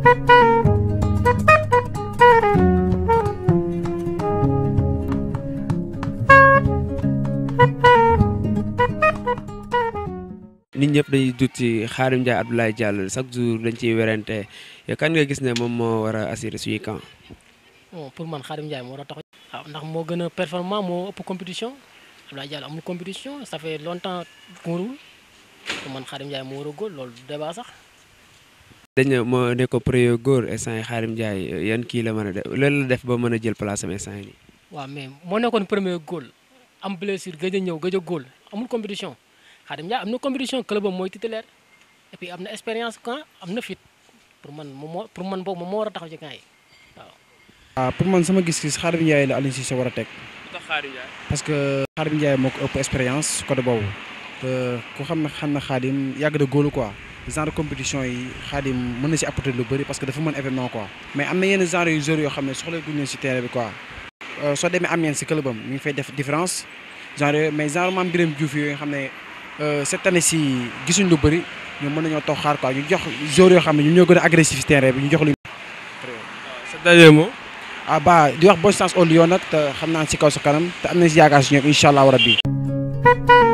ñepp dañuy dut ci Khadim Ndiaye Abdoulaye Diallo chaque jour dañ ciy wérante kan nga gis né mom mo wara assurer suñu camp bon pour man xarim ndia mo wara tax ah, ndax mo gëna performant mo ëpp compétition Abdoulaye Diallo amul compétition ça fait longtemps muurul pour man xarim ndia mo wara gol góol débat sax dañ mo ne ko préyo góor instant xarim jaay njaay yan kii la meuna def lan la def ba meuna jël place am instant ni wa mais moo nekkoon premier goal am blessure gëj a ñëw gëj goal amul compétition xarim jaay amna na compétition club am mooy titulaire et puis amna na expérience quand amna fit pour man moom pour man bok mo mo wara taxaw ci gaay wa ah, pour man sama gis-gis xarim jaay la ci wara tek tax xarim jaay parce que xarim jaay moko ëpp expérience ko do bobu ko xamna xamna xadim yag de yàgg quoi genre compétition yi xadim mën na si apporter lu bëri parce que dafa mën événement quoi mais amna na genre yu joueur yo xamné ne soxla guñ leen si terrain bi quoi euh so demee amien ci clubam mi ngi fay def différence genre mais genre Mame Birame djouf yo xamné euh cette année ci gisuñ lu bëri ñu mën nañoo toog xaar quoi ñu jox joueur yo xamné ne ñu ñoo gën agressif si terrain bi ñu jox lu dernier mot ah ba di wax bonne chance au Lyon nag te xam naa si kaw sa kanam te amna ci si yaakaar si ñoom incha allah rabbi